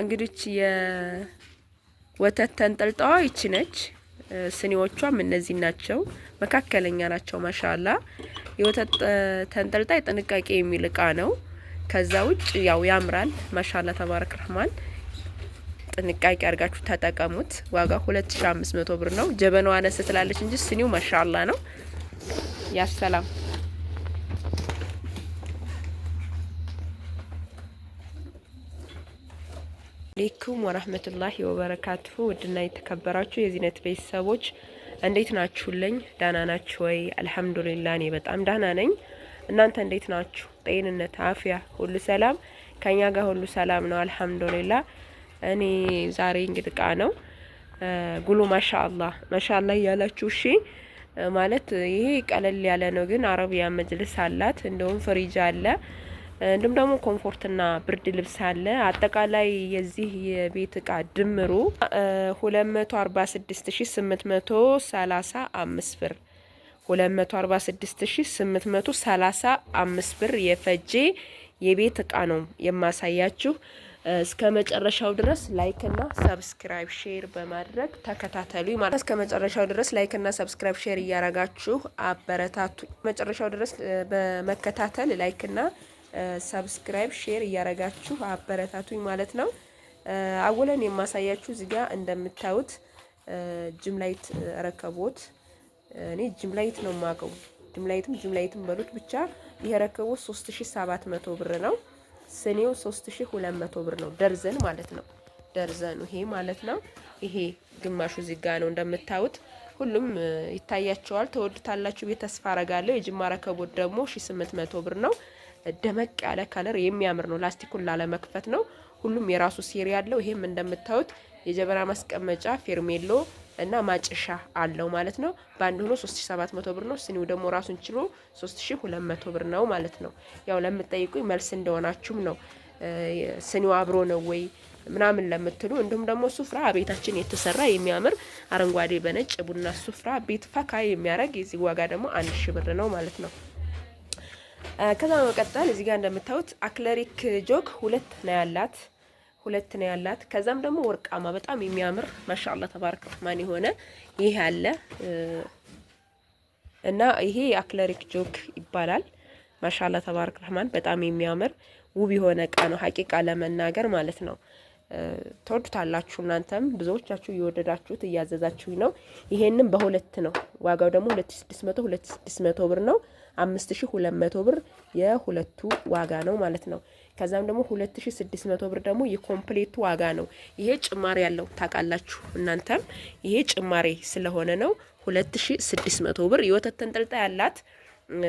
እንግዲህ የወተት ተንጠልጣዋ ይቺ ነች። ስኒዎቿም እነዚህ ናቸው። መካከለኛ ናቸው። ማሻላ የወተት ተንጠልጣይ ጥንቃቄ የሚል እቃ ነው። ከዛ ውጭ ያው ያምራል። ማሻላ ተባረክ ረህማን ጥንቃቄ አድርጋችሁ ተጠቀሙት። ዋጋ 2500 ብር ነው። ጀበናዋ አነስ ትላለች እንጂ ስኒው ማሻላ ነው። ያሰላም አሌይኩም ወራህመቱላሂ ወበረካቱሁ። ውድና የተከበራችሁ የዚህነት ቤተሰቦች እንዴት ናችሁልኝ? ዳና ናችሁ ወይ? አልሐምዱሊላ እኔ በጣም ዳና ነኝ። እናንተ እንዴት ናችሁ? ጤንነት፣ አፍያ ሁሉ ሰላም ከኛ ጋር ሁሉ ሰላም ነው። አልሐምዱሊላ እኔ ዛሬ እንግዲህ እቃ ነው ጉሎ ማሻአላ ማሻአላ እያላችሁ እሺ ማለት ይሄ ቀለል ያለ ነው፣ ግን አረቢያ መጅልስ አላት። እንደውም ፍሪጅ አለ። እንዲሁም ደግሞ ኮምፎርትና ብርድ ልብስ አለ። አጠቃላይ የዚህ የቤት እቃ ድምሩ ሁለት አርባ ስድስት ሺ ስምንት መቶ ሰላሳ አምስት ብር ሁለት አርባ ስድስት ሺ ስምንት መቶ ሰላሳ አምስት ብር የፈጀ የቤት እቃ ነው የማሳያችሁ። እስከ መጨረሻው ድረስ ላይክ እና ሰብስክራይብ ሼር በማድረግ ተከታተሉ ማለት እስከ መጨረሻው ድረስ ላይክ እና ሰብስክራይብ ሼር እያረጋችሁ አበረታቱ። መጨረሻው ድረስ በመከታተል ላይክ እና ሰብስክራይብ ሼር እያረጋችሁ አበረታቱኝ ማለት ነው። አወለን የማሳያችሁ እዚህ ጋር እንደምታዩት ጅምላይት ረከቦት እኔ ጅምላይት ነው የማውቀው። ጅምላይትም ጅምላይትም በሉት ብቻ ይሄ ረከቦት 3700 ብር ነው። ስኔው 3200 ብር ነው ደርዘን ማለት ነው። ደርዘኑ ይሄ ማለት ነው። ይሄ ግማሹ ዚጋ ነው እንደምታዩት። ሁሉም ይታያቸዋል። ተወድታላችሁ ቤት ተስፋ አረጋለሁ። የጅማ ረከቦት ደግሞ 1800 ብር ነው። ደመቅ ያለ ከለር የሚያምር ነው። ላስቲኩን ላለመክፈት ነው። ሁሉም የራሱ ሴሪ ያለው ይሄም እንደምታዩት የጀበና ማስቀመጫ ፌርሜሎ እና ማጨሻ አለው ማለት ነው። በአንድ ሆኖ 3700 ብር ነው። ሲኒው ደግሞ ራሱን ችሎ 3200 ብር ነው ማለት ነው። ያው ለምትጠይቁኝ መልስ እንደሆናችሁም ነው ስኒው አብሮ ነው ወይ ምናምን ለምትሉ እንዲሁም ደግሞ ሱፍራ ቤታችን የተሰራ የሚያምር አረንጓዴ በነጭ ቡና ሱፍራ ቤት ፈካ የሚያደርግ የዚህ ዋጋ ደግሞ አንድ ሺ ብር ነው ማለት ነው። ከዛ በመቀጠል እዚህ ጋር እንደምታዩት አክለሪክ ጆክ ሁለት ነው ያላት ሁለት ነው ያላት። ከዛም ደግሞ ወርቃማ በጣም የሚያምር ማሻአላ ተባረክ ረህማን የሆነ ይሄ አለ እና ይሄ የአክለሪክ ጆክ ይባላል። ማሻአላ ተባረክ ረህማን በጣም የሚያምር ውብ የሆነ እቃ ነው። ሀቂቃ ለመናገር ማለት ነው ተወዱታላችሁ። እናንተም ብዙዎቻችሁ እየወደዳችሁት እያዘዛችሁኝ ነው። ይሄንም በሁለት ነው ዋጋው ደግሞ 2600 2600 ብር ነው። አምስት ሺ ሁለት መቶ ብር የሁለቱ ዋጋ ነው ማለት ነው። ከዛም ደግሞ ሁለት ሺ ስድስት መቶ ብር ደግሞ የኮምፕሌቱ ዋጋ ነው። ይሄ ጭማሪ ያለው ታውቃላችሁ እናንተም ይሄ ጭማሪ ስለሆነ ነው ሁለት ሺ ስድስት መቶ ብር የወተት ተንጠልጣይ ያላት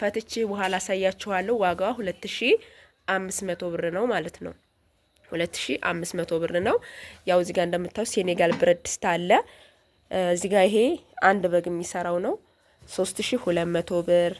ፈትቼ በኋላ አሳያችኋለሁ። ዋጋዋ ሁለት ሺ አምስት መቶ ብር ነው ማለት ነው። 2500 ብር ነው። ያው እዚህ ጋር እንደምታዩት ሴኔጋል ብረት ድስት አለ። እዚህ ጋር ይሄ አንድ በግ የሚሰራው ነው 3200 ብር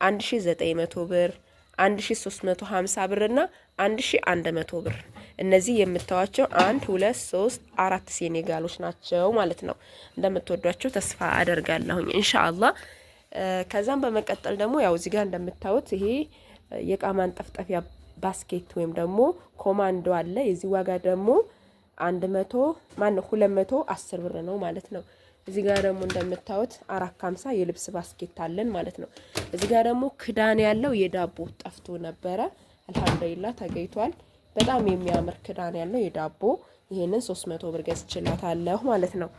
1900 ብር 1350 ብር እና 1100 ብር። እነዚህ የምታዋቸው አንድ ሁለት ሶስት አራት ሴኔጋሎች ናቸው ማለት ነው። እንደምትወዷቸው ተስፋ አደርጋለሁኝ ኢንሻአላህ። ከዛም በመቀጠል ደግሞ ያው እዚህ ጋር እንደምታዩት ይሄ የእቃ ማንጠፍጠፊያ ባስኬት ወይም ደግሞ ኮማንዶ አለ። የዚህ ዋጋ ደግሞ አንድ መቶ ማን ነው ሁለት መቶ አስር ብር ነው ማለት ነው። እዚህ ጋር ደግሞ እንደምታዩት አራት ከሀምሳ የልብስ ባስኬት አለን ማለት ነው። እዚህ ጋር ደግሞ ክዳን ያለው የዳቦ ጠፍቶ ነበረ። አልሐምዱሊላህ ተገኝቷል። በጣም የሚያምር ክዳን ያለው የዳቦ ይሄንን 300 ብር ገዝቼላታለሁ ማለት ነው።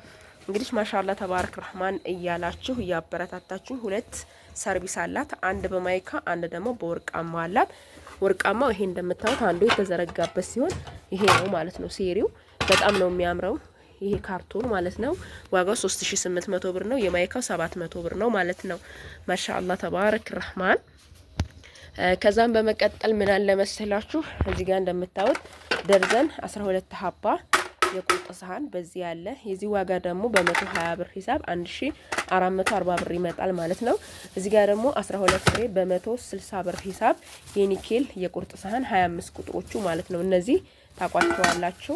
እንግዲህ ማሻላ ተባረክ ረህማን እያላችሁ እያበረታታችሁ። ሁለት ሰርቪስ አላት፣ አንድ በማይካ አንድ ደግሞ በወርቃማ አላት። ወርቃማው ይሄ እንደምታዩት አንዱ የተዘረጋበት ሲሆን ይሄ ነው ማለት ነው። ሴሪው በጣም ነው የሚያምረው። ይሄ ካርቶን ማለት ነው። ዋጋው 3800 ብር ነው። የማይካው 700 ብር ነው ማለት ነው። ማሻአላ ተባረክ ረህማን። ከዛም በመቀጠል ምን አለ መሰላችሁ እዚህ ጋር እንደምታዩት ደርዘን 12 ሀባ የቁርጥ ሰሃን በዚህ ያለ የዚህ ዋጋ ደግሞ በ120 ብር ሂሳብ 1440 ብር ይመጣል ማለት ነው። እዚህ ጋር ደግሞ 12 ፍሬ በ160 ብር ሂሳብ የኒኬል የቁርጥ ሰሃን 25 ቁጥሮቹ ማለት ነው እነዚህ ታቋቸዋላችሁ።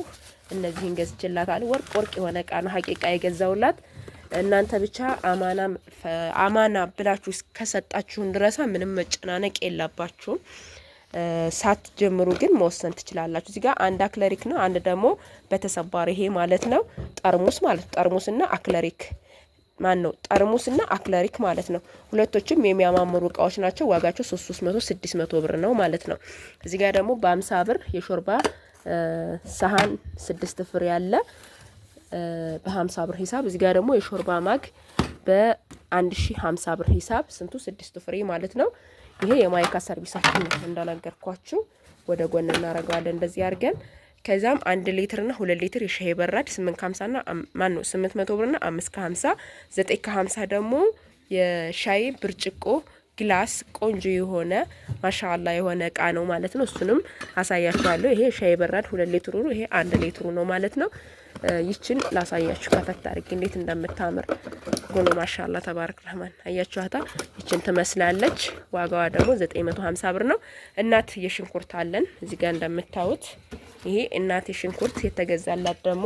እነዚህን ገዝችላታል። ወርቅ ወርቅ የሆነ እቃ ነው ሀቂቃ የገዛውላት። እናንተ ብቻ አማና ብላችሁ እስከሰጣችሁን ድረሳ ምንም መጨናነቅ የለባችሁም። ሳትጀምሩ ግን መወሰን ትችላላችሁ። እዚጋ አንድ አክለሪክ ነው፣ አንድ ደግሞ በተሰባሪ ይሄ ማለት ነው ጠርሙስ ማለት ነው። ጠርሙስና አክለሪክ ማን ነው ጠርሙስና አክለሪክ ማለት ነው። ሁለቶችም የሚያማምሩ እቃዎች ናቸው። ዋጋቸው ሶስት ሶስት መቶ ስድስት መቶ ብር ነው ማለት ነው። እዚጋ ደግሞ በአምሳ ብር የሾርባ ሳህን ስድስት ፍሬ ያለ በሀምሳ ብር ሂሳብ እዚህ ጋር ደግሞ የሾርባ ማግ በአንድ ሺ ሀምሳ ብር ሂሳብ ስንቱ ስድስት ፍሬ ማለት ነው። ይሄ የማይካ ሰርቪሳችን ነው እንዳናገርኳችሁ። ወደ ጎን እናደርገዋለን እንደዚህ አድርገን ከዛም አንድ ሊትር እና ሁለት ሊትር የሻይ በራድ ስምንት ከሀምሳ ና ማን ነው ስምንት መቶ ብር ና አምስት ከሀምሳ ዘጠኝ ከሀምሳ ደግሞ የሻይ ብርጭቆ ግላስ ቆንጆ የሆነ ማሻላ የሆነ እቃ ነው ማለት ነው። እሱንም አሳያችኋለሁ። ይሄ ሻይ በራድ ሁለት ሊትሩ ነው። ይሄ አንድ ሊትሩ ነው ማለት ነው። ይችን ላሳያችሁ ከፈት አድርጌ እንዴት እንደምታምር ጎኖ ማሻላ ተባረክ ረህማን አያችኋታ። ይችን ትመስላለች። ዋጋዋ ደግሞ 950 ብር ነው። እናት የሽንኩርት አለን እዚህ ጋር እንደምታዩት። ይሄ እናት የሽንኩርት የተገዛላት ደግሞ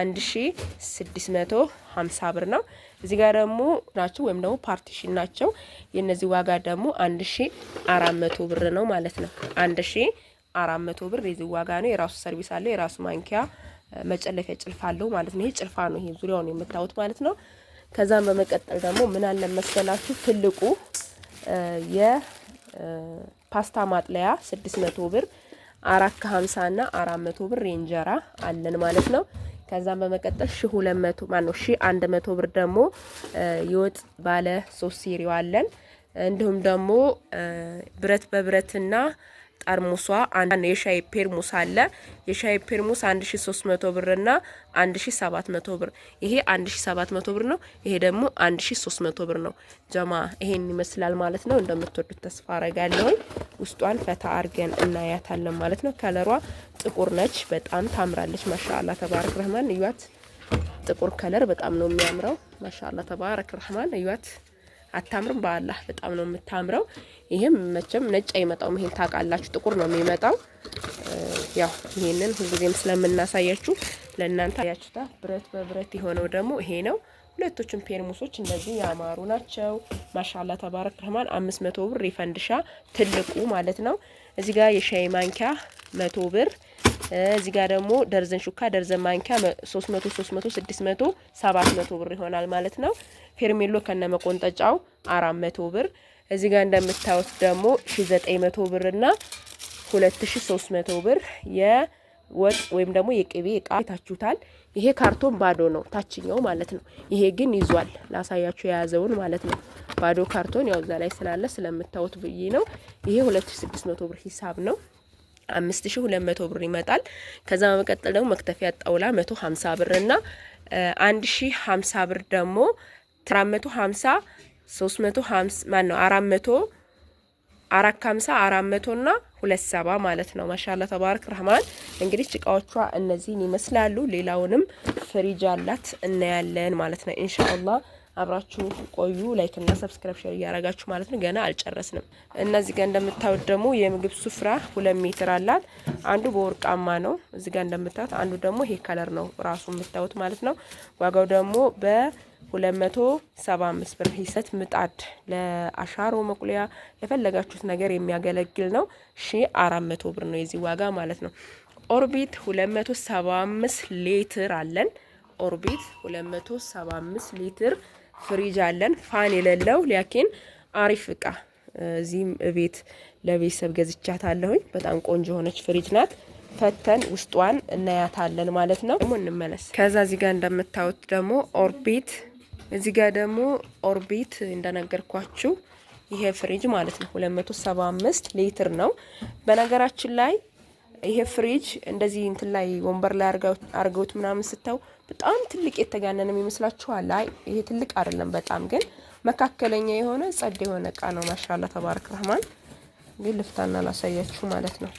አንድ ሺ ስድስት መቶ ሀምሳ ብር ነው። እዚህ ጋር ደግሞ ናቸው ወይም ደግሞ ፓርቲሽን ናቸው። የእነዚህ ዋጋ ደግሞ አንድ ሺ አራት መቶ ብር ነው ማለት ነው። አንድ ሺ አራት መቶ ብር የዚህ ዋጋ ነው። የራሱ ሰርቪስ አለው። የራሱ ማንኪያ መጨለፊያ ጭልፋ አለው ማለት ነው። ይሄ ጭልፋ ነው። ይሄ ዙሪያውን የምታዩት ማለት ነው። ከዛም በመቀጠል ደግሞ ምን አለ መሰላችሁ ትልቁ የፓስታ ማጥለያ ስድስት መቶ ብር አራት ከሀምሳ እና አራት መቶ ብር የእንጀራ አለን ማለት ነው። ከዛም በመቀጠል ሺ ሁለት መቶ ነው ሺ አንድ መቶ ብር ደግሞ የወጥ ባለ ሶስት ሲሪዋ አለን። እንዲሁም ደግሞ ብረት በብረትና ጠርሙሷ አንድ የሻይ ፔርሙስ አለ። የሻይ ፔርሙስ 1300 ብር እና 1700 ብር። ይሄ 1700 ብር ነው። ይሄ ደግሞ 1300 ብር ነው። ጀማ ይሄን ይመስላል ማለት ነው። እንደምትወዱት ተስፋ አረጋለሁ። ውስጧን ፈታ አርገን እናያታለን ማለት ነው። ከለሯ ጥቁር ነች። በጣም ታምራለች። ማሻአላ ተባረክ ረህማን እያት። ጥቁር ከለር በጣም ነው የሚያምረው። ማሻአላ ተባረክ ረህማን እያት። አታምርም? በአላህ በጣም ነው የምታምረው። ይህም መቼም ነጭ አይመጣውም። ይሄን ታውቃላችሁ፣ ጥቁር ነው የሚመጣው። ያው ይሄንን ሁልጊዜም ስለምናሳያችሁ ለእናንተ ያችሁታ። ብረት በብረት የሆነው ደግሞ ይሄ ነው። ሁለቶቹም ፔርሙሶች እንደዚህ ያማሩ ናቸው። ማሻላ ተባረክ ረህማን። አምስት መቶ ብር የፈንድሻ ትልቁ ማለት ነው። እዚህ ጋር የሻይ ማንኪያ መቶ ብር እዚህ ጋር ደግሞ ደርዘን ሹካ ደርዘን ማንኪያ 300 300 600 700 ብር ይሆናል ማለት ነው። ፌርሜሎ ከነመቆንጠጫው 400 ብር። እዚህ ጋር እንደምታዩት ደግሞ 900 ብር እና 2300 ብር የወጥ ወይም ደግሞ የቅቤ እቃ ታችሁታል። ይሄ ካርቶን ባዶ ነው ታችኛው ማለት ነው። ይሄ ግን ይዟል ላሳያችሁ የያዘውን ማለት ነው። ባዶ ካርቶን ያው እዛ ላይ ስላለ ስለምታዩት ብዬ ነው። ይሄ 2600 ብር ሂሳብ ነው። አምስት ሺ ሁለት መቶ ብር ይመጣል። ከዛ በመቀጠል ደግሞ መክተፊያ ጣውላ መቶ ሀምሳ ብር እና አንድ ሺ ሀምሳ ብር ደግሞ ትራ መቶ ሀምሳ ሶስት መቶ ሀምሳ ማን ነው አራት መቶ አራት ከሀምሳ አራት መቶ ና ሁለት ሰባ ማለት ነው። ማሻላ ተባረክ ረህማን። እንግዲህ ጭቃዎቿ እነዚህን ይመስላሉ። ሌላውንም ፍሪጅ አላት እናያለን ማለት ነው ኢንሻአላህ አብራችሁ ቆዩ። ላይክ እና ሰብስክራይብ ሼር እያረጋችሁ ማለት ነው። ገና አልጨረስንም። እነዚህ ጋር እንደምታዩት ደግሞ የምግብ ስፍራ ሁለት ሜትር አላት። አንዱ በወርቃማ ነው እዚህ ጋር እንደምታዩት፣ አንዱ ደግሞ ይሄ ከለር ነው ራሱ የምታዩት ማለት ነው። ዋጋው ደግሞ በ 275 ብር ሂሰት ምጣድ ለአሻሮ መቁለያ የፈለጋችሁት ነገር የሚያገለግል ነው። ሺ 400 ብር ነው የዚህ ዋጋ ማለት ነው። ኦርቢት 275 ሊትር አለን። ኦርቢት 275 ሊትር ፍሪጅ አለን፣ ፋን የሌለው ሊያኬን አሪፍ እቃ እዚህም ቤት ለቤተሰብ ገዝቻት በጣም ቆንጆ የሆነች ፍሪጅ ናት። ፈተን ውስጧን እናያታለን ማለት ነው። ደግሞ እንመለስ። ከዛ እዚህ ጋር እንደምታዩት ደግሞ ኦርቢት፣ እዚህ ጋር ደግሞ ኦርቢት እንደነገርኳችሁ ይሄ ፍሪጅ ማለት ነው 275 ሊትር ነው በነገራችን ላይ ይሄ ፍሪጅ እንደዚህ እንትን ላይ ወንበር ላይ አርገውት ምናምን ስተው በጣም ትልቅ የተጋነንም ይመስላችኋል። አይ ይሄ ትልቅ አይደለም፣ በጣም ግን መካከለኛ የሆነ ጸድ የሆነ እቃ ነው። ማሻላ ተባረክ ረህማን። ግን ልፍታና ላሳያችሁ ማለት ነው።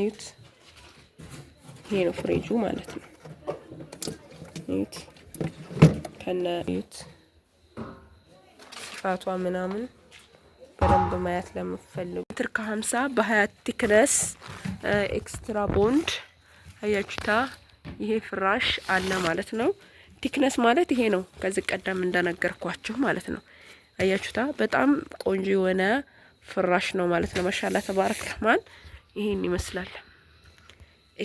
እዩት፣ ይሄ ነው ፍሪጁ ማለት ነው። እዩት ከነ እዩት ፋቷ ምናምን በደንብ ማየት ለምትፈልጉ ሜትር ከሀምሳ በሀያ ቲክነስ ኤክስትራ ቦንድ አያችታ። ይሄ ፍራሽ አለ ማለት ነው። ቲክነስ ማለት ይሄ ነው። ከዚህ ቀደም እንደነገርኳችሁ ማለት ነው። አያችሁታ በጣም ቆንጆ የሆነ ፍራሽ ነው ማለት ነው። ማሻላ ተባረክ ረህማን ይሄን ይመስላል።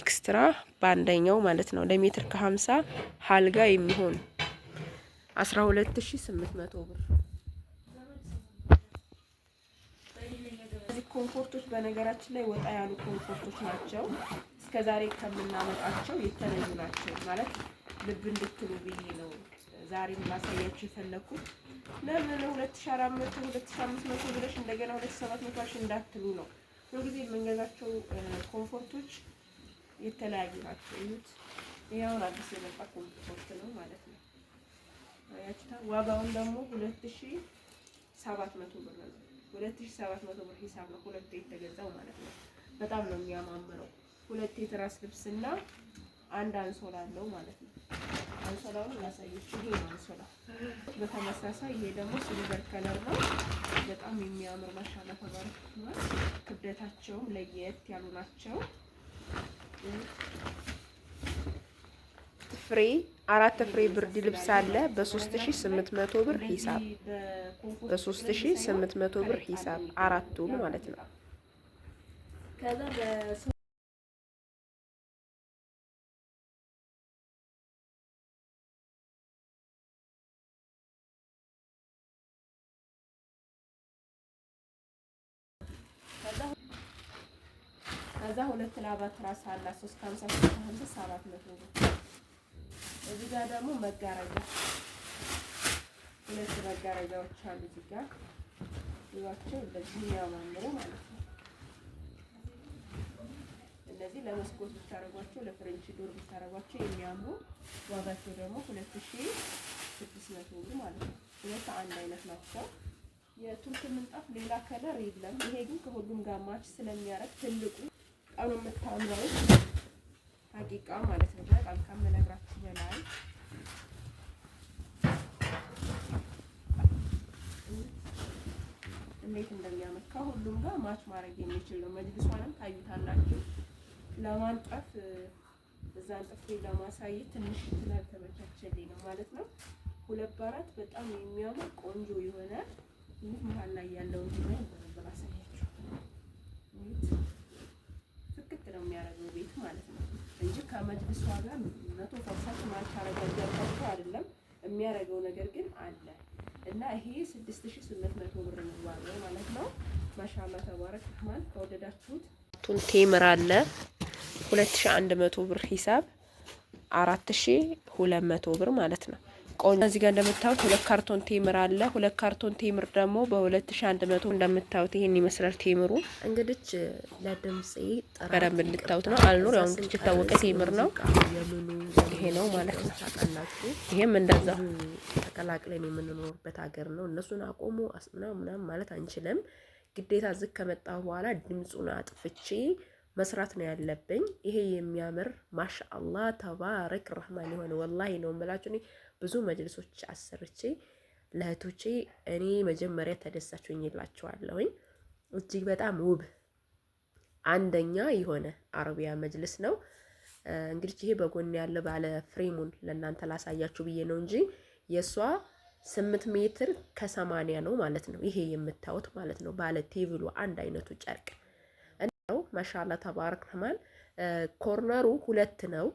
ኤክስትራ በአንደኛው ማለት ነው ለሜትር ከ50 ሀልጋ የሚሆን 12800 ብር ኮንፎርቶች በነገራችን ላይ ወጣ ያሉ ኮንፎርቶች ናቸው። እስከዛሬ ከምናመጣቸው የተለዩ ናቸው ማለት ልብ እንድትሉ ብዬ ነው ዛሬም ላሳያችሁ የፈለኩት። ለምን 2400 2500 ብለሽ እንደገና 2700 ሺ እንዳትሉ ነው። ሁልጊዜ የምንገዛቸው ኮንፎርቶች የተለያዩ ናቸው። እዩት። ይኸውን አዲስ የመጣ ኮንፎርት ነው ማለት ነው። ዋጋውን ደግሞ 2700 ብር ነው። ሁለት ብር ሂሳብ ነው ሁለቴ የተገዛው ማለት ነው። በጣም ነው የሚያማምረው። ሁለቴ ትራስ ልብስና አንድ አንሶላ አለው ማለት ነው። አንሶላውን ላሳየች። ይሄ ነው አንሶላ። በተመሳሳይ ይሄ ደግሞ ሲልቨር ከለር ነው። በጣም የሚያምር ማሻላ ተባረክ ክብደታቸውም ለየት ያሉ ናቸው። ፍሬ አራት ፍሬ ብርድ ልብስ አለ በ3800 ብር ሂሳብ በ3800 ብር ሂሳብ አራቱን ማለት ነው። ከዛ ሁለት ላባ ትራስ አላት 350 700 ብር እዚህ ጋር ደግሞ መጋረጃ ሁለት መጋረጃዎች አሉ። እዚህ ጋር ይዟቸው እንደዚህ የሚያማምሩ ማለት ነው። እነዚህ ለመስኮት ብታረጓቸው፣ ለፍሬንች ዶር ብታረጓቸው የሚያምሩ ዋጋቸው ደግሞ ሁለት ሺህ ስድስት መቶ ብር ማለት ነው። ሁለት አንድ አይነት ናቸው። የቱርክ ምንጣፍ ሌላ ከለር የለም። ይሄ ግን ከሁሉም ጋር ማች ስለሚያደርግ ትልቁ በጣም የምታምረው ሀቂቃ ማለት ነው። በጣም ከምነግራችሁ በላይ እንዴት እንደሚያምር ከሁሉም ጋር ማች ማድረግ የሚችል ነው። መጅልሷንም ታይታላችሁ። ለማንጠፍ እዛን ጥፍ ለማሳየት ትንሽ ትላል ስላልተመቻቸልኝ ነው ማለት ነው። ሁለት በአራት በጣም የሚያምር ቆንጆ የሆነ ይህ መሀል ላይ ያለው ዲዛይን በነበር አሳያችሁ። ትክክል ነው የሚያደርገው ቤት ማለት ነው። እንጂ ከመጅልሷ ጋር መቶ ፐርሰንት ማች አረጋጃቸው አይደለም። የሚያደርገው ነገር ግን አለ እና ይሄ ስድስት ሺህ ስምንት መቶ ብር ዋጋው ማለት ነው። ማሻላ ተባረክ ማን ከወደዳችሁት ቱን ቴምር አለ ሁለት አንድ መቶ ብር ሂሳብ አራት ሺህ ሁለት መቶ ብር ማለት ነው። ቆንጆ እዚህ ጋር እንደምታዩት ሁለት ካርቶን ቴምር አለ። ሁለት ካርቶን ቴምር ደግሞ በ2100 እንደምታዩት ይሄን ይመስላል ቴምሩ። እንግዲህ ለድምጽ በደንብ እንድታዩት ነው። አልኑር ያው እንግዲህ የታወቀ ቴምር ነው ይሄ ነው ማለት ነው። ይሄም እንደዛ ተቀላቅለን የምንኖርበት ሀገር ነው። እነሱን አቆሙ ምናምን ማለት አንችልም። ግዴታ ዝግ ከመጣሁ በኋላ ድምፁን አጥፍቼ መስራት ነው ያለብኝ። ይሄ የሚያምር ማሻአላህ ተባረክ ረህማን የሆነ ወላሂ ነው የምላችሁ። ብዙ መጅልሶች አሰርቼ ለእህቶቼ እኔ መጀመሪያ ተደሳችሁኝ ይላቸዋለሁኝ። እጅግ በጣም ውብ አንደኛ የሆነ አረቢያ መጅልስ ነው። እንግዲህ ይሄ በጎን ያለ ባለ ፍሬሙን ለእናንተ ላሳያችሁ ብዬ ነው እንጂ የእሷ ስምንት ሜትር ከሰማንያ ነው ማለት ነው። ይሄ የምታዩት ማለት ነው ባለ ቴብሉ አንድ አይነቱ ጨርቅ ነው። ማሻላ ተባረክ ተማን ኮርነሩ ሁለት ነው።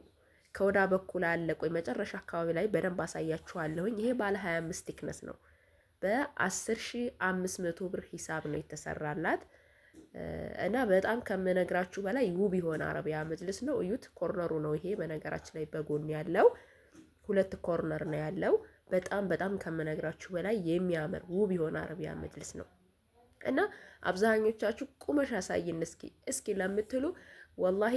ከወዳ በኩል አለ። ቆይ መጨረሻ አካባቢ ላይ በደንብ አሳያችኋለሁኝ። ይሄ ባለ 25 ቲክነስ ነው። በ10500 ብር ሂሳብ ነው የተሰራላት እና በጣም ከምነግራችሁ በላይ ውብ የሆነ አረቢያ መጅልስ ነው። እዩት። ኮርነሩ ነው ይሄ በነገራችን ላይ በጎን ያለው ሁለት ኮርነር ነው ያለው። በጣም በጣም ከምነግራችሁ በላይ የሚያምር ውብ የሆነ አረቢያ መጅልስ ነው እና አብዛኞቻችሁ ቁመሽ አሳይን እስኪ እስኪ ለምትሉ ወላሂ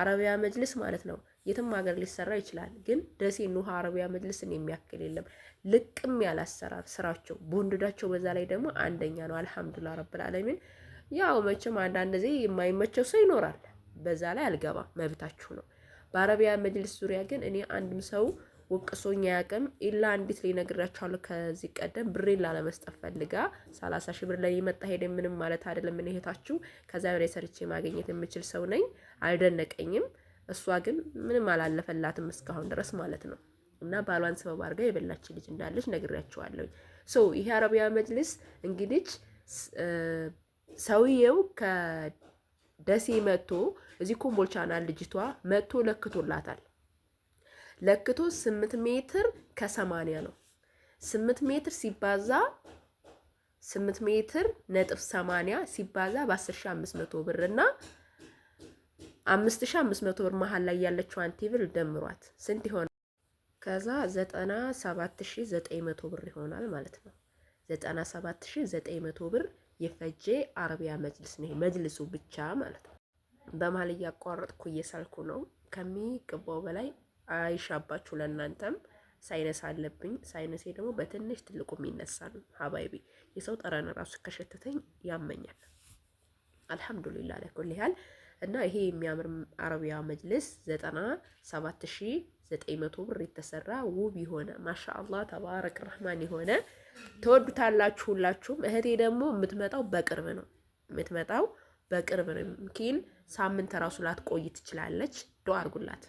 አረቢያ መጅልስ ማለት ነው የትም ሀገር ሊሰራ ይችላል። ግን ደሴ ኑሃ አረቢያ መጅልስን የሚያክል የለም። ልቅም ያለ አሰራር ስራቸው በወንድዳቸው፣ በዛ ላይ ደግሞ አንደኛ ነው። አልሐምዱላ ረብልዓለሚን። ያው መቼም አንዳንድ ጊዜ የማይመቸው ሰው ይኖራል። በዛ ላይ አልገባም፣ መብታችሁ ነው። በአረቢያ መጅልስ ዙሪያ ግን እኔ አንድም ሰው ወቅሶኝ አያውቅም። ኢላ አንዲት ሊነግራችኋለሁ። ከዚህ ቀደም ብሬን ላለመስጠት ፈልጋ ሰላሳ ሺህ ብር ላይ የመጣ ሄደ ምንም ማለት አይደለም። እኔ እህታችሁ ከዛ በላይ ሰርቼ ማግኘት የምችል ሰው ነኝ። አልደነቀኝም። እሷ ግን ምንም አላለፈላትም እስካሁን ድረስ ማለት ነው። እና ባሏን ሰበብ አድርጋ የበላች ልጅ እንዳለች ነግሬያቸዋለሁ። ሶ ይሄ አረቢያ መጅልስ እንግዲህ ሰውየው ከደሴ መጥቶ እዚህ ኮምቦልቻና ልጅቷ መጥቶ ለክቶላታል። ለክቶ ስምንት ሜትር ከሰማንያ ነው። ስምንት ሜትር ሲባዛ ስምንት ሜትር ነጥብ ሰማንያ ሲባዛ በአስር ሺ አምስት መቶ ብር እና አምስት ሺ አምስት መቶ ብር መሀል ላይ ያለችዋን ቴብል ደምሯት ስንት ይሆናል? ከዛ ዘጠና ሰባት ሺ ዘጠኝ መቶ ብር ይሆናል ማለት ነው። ዘጠና ሰባት ሺ ዘጠኝ መቶ ብር የፈጀ አረቢያ መጅልስ ነው መጅልሱ ብቻ ማለት ነው። በመሀል እያቋረጥኩ እየሳልኩ ነው። ከሚገባው በላይ አይሻባችሁ ለእናንተም ሳይነስ አለብኝ። ሳይነሴ ደግሞ በትንሽ ትልቁ የሚነሳ ነው። ሀባይቢ የሰው ጠረን ራሱ ከሸተተኝ ያመኛል። አልሐምዱሊላ ለኩል ያህል እና ይሄ የሚያምር አረቢያ መጅልስ ዘጠና ሰባት ሺ ዘጠኝ መቶ ብር የተሰራ ውብ የሆነ ማሻአላህ ተባረክ ረህማን የሆነ ተወዱታላችሁ ሁላችሁም። እህቴ ደግሞ የምትመጣው በቅርብ ነው የምትመጣው በቅርብ ነው። ምኪን ሳምንት ራሱ ላትቆይ ትችላለች። ዶ አርጉላት።